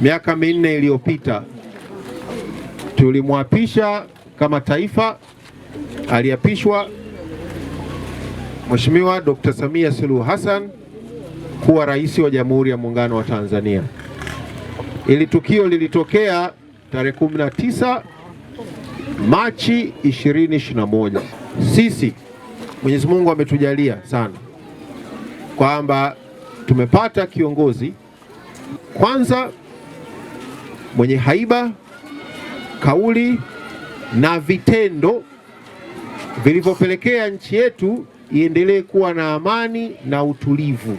Miaka minne iliyopita tulimwapisha kama taifa, aliapishwa Mheshimiwa Dr. Samia Suluhu Hassan kuwa rais wa Jamhuri ya Muungano wa Tanzania. Ili tukio lilitokea tarehe 19 Machi 2021. Sisi Mwenyezi Mungu ametujalia sana kwamba tumepata kiongozi kwanza mwenye haiba, kauli na vitendo vilivyopelekea nchi yetu iendelee kuwa na amani na utulivu,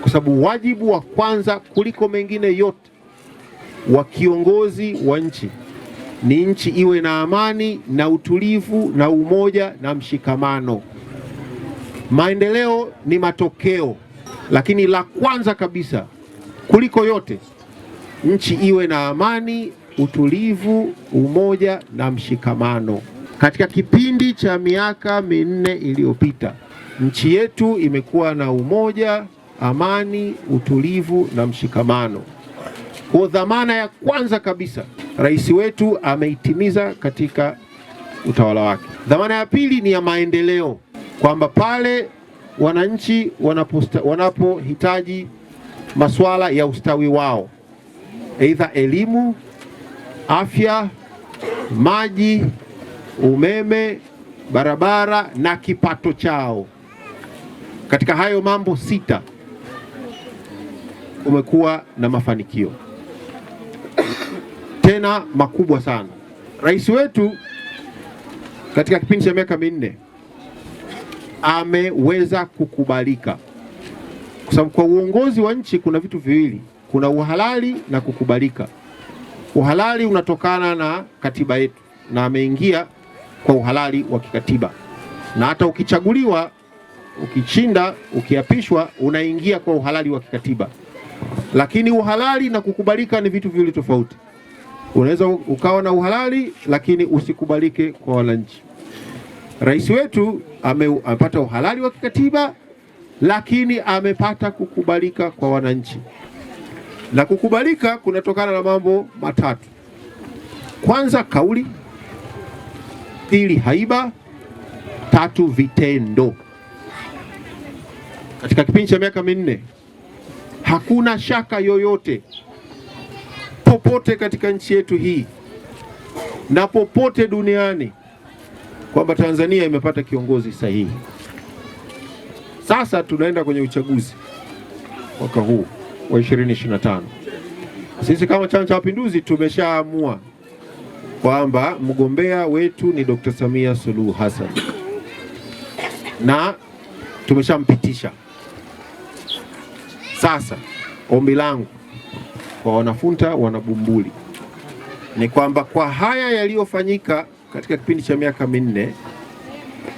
kwa sababu wajibu wa kwanza kuliko mengine yote wa kiongozi wa nchi ni nchi iwe na amani na utulivu na umoja na mshikamano. Maendeleo ni matokeo, lakini la kwanza kabisa kuliko yote nchi iwe na amani, utulivu, umoja na mshikamano. Katika kipindi cha miaka minne iliyopita, nchi yetu imekuwa na umoja, amani, utulivu na mshikamano. Kwa dhamana ya kwanza kabisa rais wetu ameitimiza katika utawala wake. Dhamana ya pili ni ya maendeleo, kwamba pale wananchi wanapohitaji masuala ya ustawi wao aidha elimu, afya, maji, umeme, barabara na kipato chao. Katika hayo mambo sita kumekuwa na mafanikio tena makubwa sana. Rais wetu katika kipindi cha miaka minne ameweza kukubalika, kwa sababu kwa uongozi wa nchi kuna vitu viwili kuna uhalali na kukubalika. Uhalali unatokana na katiba yetu, na ameingia kwa uhalali wa kikatiba, na hata ukichaguliwa, ukishinda, ukiapishwa, unaingia kwa uhalali wa kikatiba. Lakini uhalali na kukubalika ni vitu viwili tofauti. Unaweza ukawa na uhalali lakini usikubalike kwa wananchi. Rais wetu ame, amepata uhalali wa kikatiba lakini amepata kukubalika kwa wananchi. Na kukubalika kunatokana na mambo matatu: kwanza, kauli; pili, haiba; tatu, vitendo. Katika kipindi cha miaka minne hakuna shaka yoyote popote katika nchi yetu hii na popote duniani kwamba Tanzania imepata kiongozi sahihi. Sasa tunaenda kwenye uchaguzi mwaka huu wa 2025. Sisi kama Chama cha Mapinduzi tumeshaamua kwamba mgombea wetu ni Dr. Samia Suluhu Hassan na tumeshampitisha. Sasa ombi langu kwa wanafunta wanabumbuli ni kwamba kwa haya yaliyofanyika katika kipindi cha miaka minne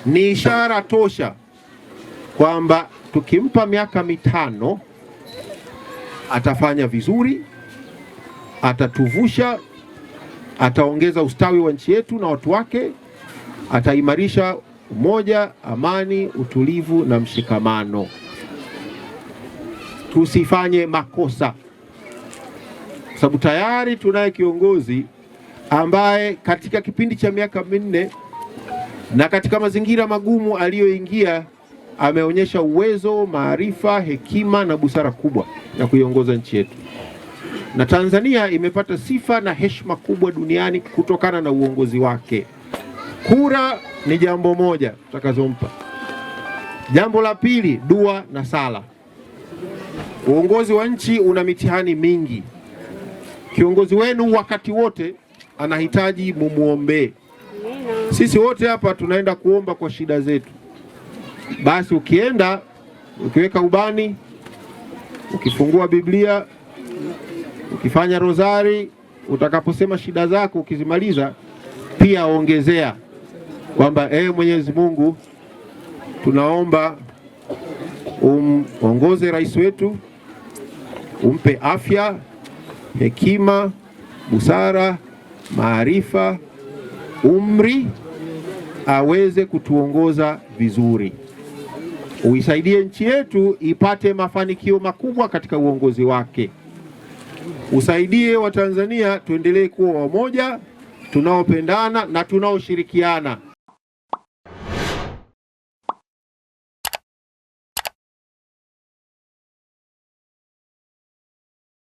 ni ishara tosha kwamba tukimpa miaka mitano atafanya vizuri, atatuvusha, ataongeza ustawi wa nchi yetu na watu wake, ataimarisha umoja, amani, utulivu na mshikamano. Tusifanye makosa, sababu tayari tunaye kiongozi ambaye katika kipindi cha miaka minne na katika mazingira magumu aliyoingia ameonyesha uwezo, maarifa, hekima na busara kubwa ya kuiongoza nchi yetu, na Tanzania imepata sifa na heshima kubwa duniani kutokana na uongozi wake. Kura ni jambo moja tutakazompa. Jambo la pili, dua na sala. Uongozi wa nchi una mitihani mingi. Kiongozi wenu wakati wote anahitaji mumwombee. Sisi wote hapa tunaenda kuomba kwa shida zetu basi ukienda ukiweka ubani, ukifungua Biblia, ukifanya rozari, utakaposema shida zako ukizimaliza, pia ongezea kwamba ee, Mwenyezi Mungu, tunaomba umongoze rais wetu, umpe afya, hekima, busara, maarifa, umri, aweze kutuongoza vizuri uisaidie nchi yetu ipate mafanikio makubwa katika uongozi wake. Usaidie Watanzania tuendelee kuwa wamoja, tunaopendana na tunaoshirikiana.